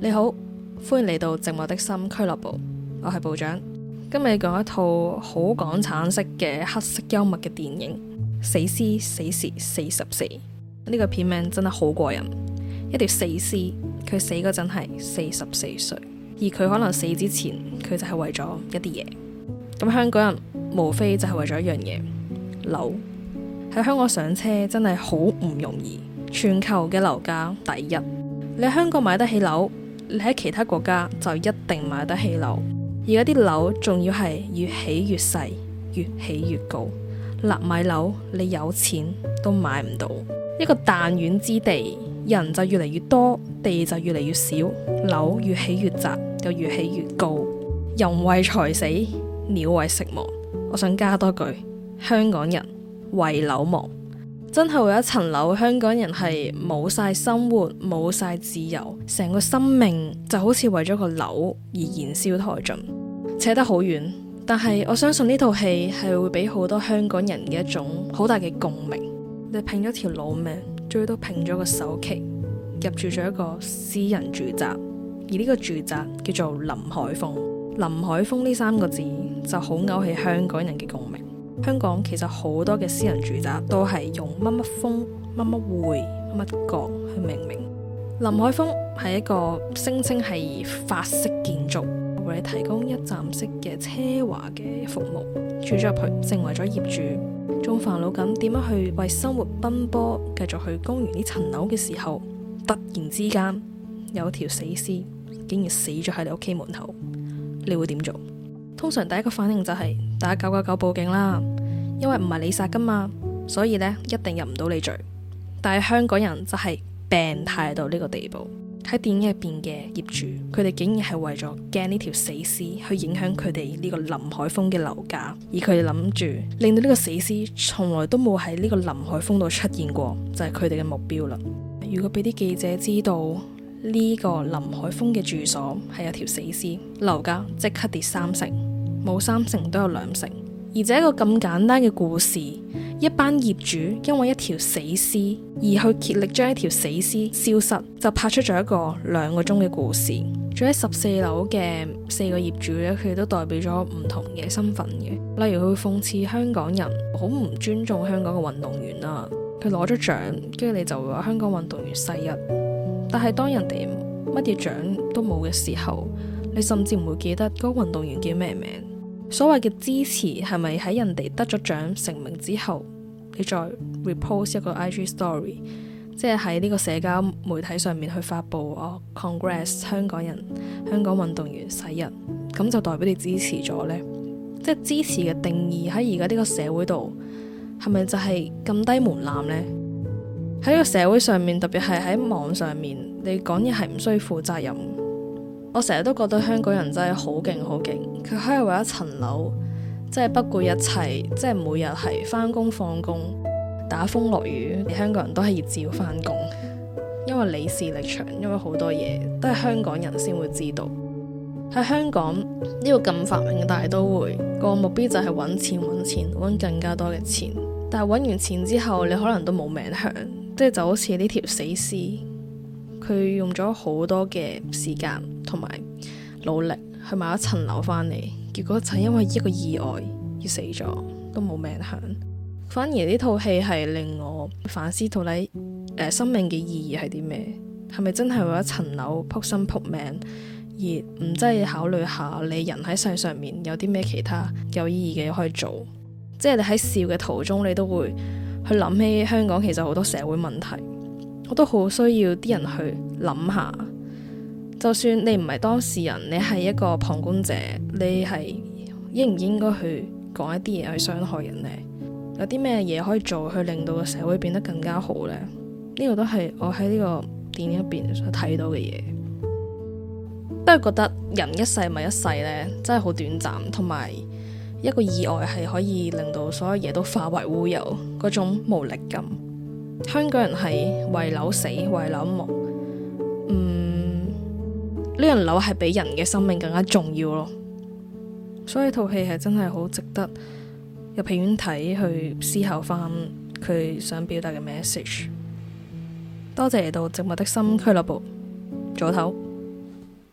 你好，歡迎嚟到寂寞的心俱樂部，我係部長。今日講一套好港產式嘅黑色幽默嘅電影《死屍死時四十四》這。呢個片名真係好過癮。一條死屍，佢死嗰陣係四十四歲，而佢可能死之前，佢就係為咗一啲嘢。咁香港人無非就係為咗一樣嘢，樓。喺香港上車真係好唔容易，全球嘅樓價第一。你喺香港買得起樓，你喺其他國家就一定買得起樓。而家啲樓仲要係越起越細，越起越高，納米樓你有錢都買唔到。一個彈丸之地，人就越嚟越多，地就越嚟越少，樓越起越窄，就越起越高。人為財死，鳥為食亡。我想加多句，香港人為樓亡。真係為一層樓，香港人係冇晒生活，冇晒自由，成個生命就好似為咗個樓而燃燒殆盡，扯得好遠。但係我相信呢套戲係會俾好多香港人嘅一種好大嘅共鳴。你拼咗條老命，最多拼咗個首期，入住咗一個私人住宅，而呢個住宅叫做林海峰。林海峰呢三個字就好勾起香港人嘅共鳴。香港其實好多嘅私人住宅都係用乜乜峰、乜乜匯、乜乜角去命名。林海峰係一個聲稱係法式建築，為你提供一站式嘅奢華嘅服務。住咗入去，成為咗業主，仲煩惱緊點樣去為生活奔波，繼續去供完呢層樓嘅時候，突然之間有條死屍竟然死咗喺你屋企門口，你會點做？通常第一個反應就係、是。打九九九報警啦，因為唔係你殺噶嘛，所以呢，一定入唔到你罪。但係香港人就係病態到呢個地步，喺電影入邊嘅業主，佢哋竟然係為咗驚呢條死屍去影響佢哋呢個林海峰嘅樓價，而佢哋諗住令到呢個死屍從來都冇喺呢個林海峰度出現過，就係佢哋嘅目標啦。如果俾啲記者知道呢個林海峰嘅住所係有條死屍，樓價即刻跌三成。冇三成都有兩成，而且一個咁簡單嘅故事，一班業主因為一條死屍而去竭力將一條死屍消失，就拍出咗一個兩個鐘嘅故事。仲有十四樓嘅四個業主咧，佢都代表咗唔同嘅身份嘅，例如佢會諷刺香港人好唔尊重香港嘅運動員啊，佢攞咗獎，跟住你就會話香港運動員世一，但係當人哋乜嘢獎都冇嘅時候，你甚至唔會記得嗰個運動員叫咩名。所謂嘅支持係咪喺人哋得咗獎成名之後，你再 repost 一個 IG story，即係喺呢個社交媒體上面去發布哦、oh, Congress 香港人、香港運動員死人，咁就代表你支持咗呢，即係支持嘅定義喺而家呢個社會度係咪就係咁低門檻呢？喺個社會上面，特別係喺網上面，你講嘢係唔需要負責任。我成日都覺得香港人真係好勁，好勁。佢可以為一層樓，即係不顧一切，即係每日係返工放工，打風落雨，香港人都係熱照要返工，因為李氏力場，因為好多嘢都係香港人先會知道。喺香港呢個咁發明嘅大都會，個目標就係揾錢、揾錢、揾更加多嘅錢。但係揾完錢之後，你可能都冇命享，即係就好似呢條死屍，佢用咗好多嘅時間。同埋努力去買一層樓翻嚟，結果就因為一個意外而死咗，都冇命享。反而呢套戲係令我反思到底、呃、生命嘅意義係啲咩？係咪真係為咗層樓撲心撲命，而唔真係考慮下你人喺世上面有啲咩其他有意義嘅可以做？即係你喺笑嘅途中，你都會去諗起香港其實好多社會問題。我都好需要啲人去諗下。就算你唔係當事人，你係一個旁觀者，你係應唔應該去講一啲嘢，去傷害人呢？有啲咩嘢可以做去令到個社會變得更加好呢？呢個都係我喺呢個電影入邊所睇到嘅嘢，都係覺得人一世咪一世呢，真係好短暫，同埋一個意外係可以令到所有嘢都化為烏有，嗰種無力感。香港人係為樓死，為樓亡，嗯。呢層樓係比人嘅生命更加重要咯，所以套戲係真係好值得入戲院睇去思考返佢想表達嘅 message。多謝嚟到《寂寞的心俱》俱樂部，早唞。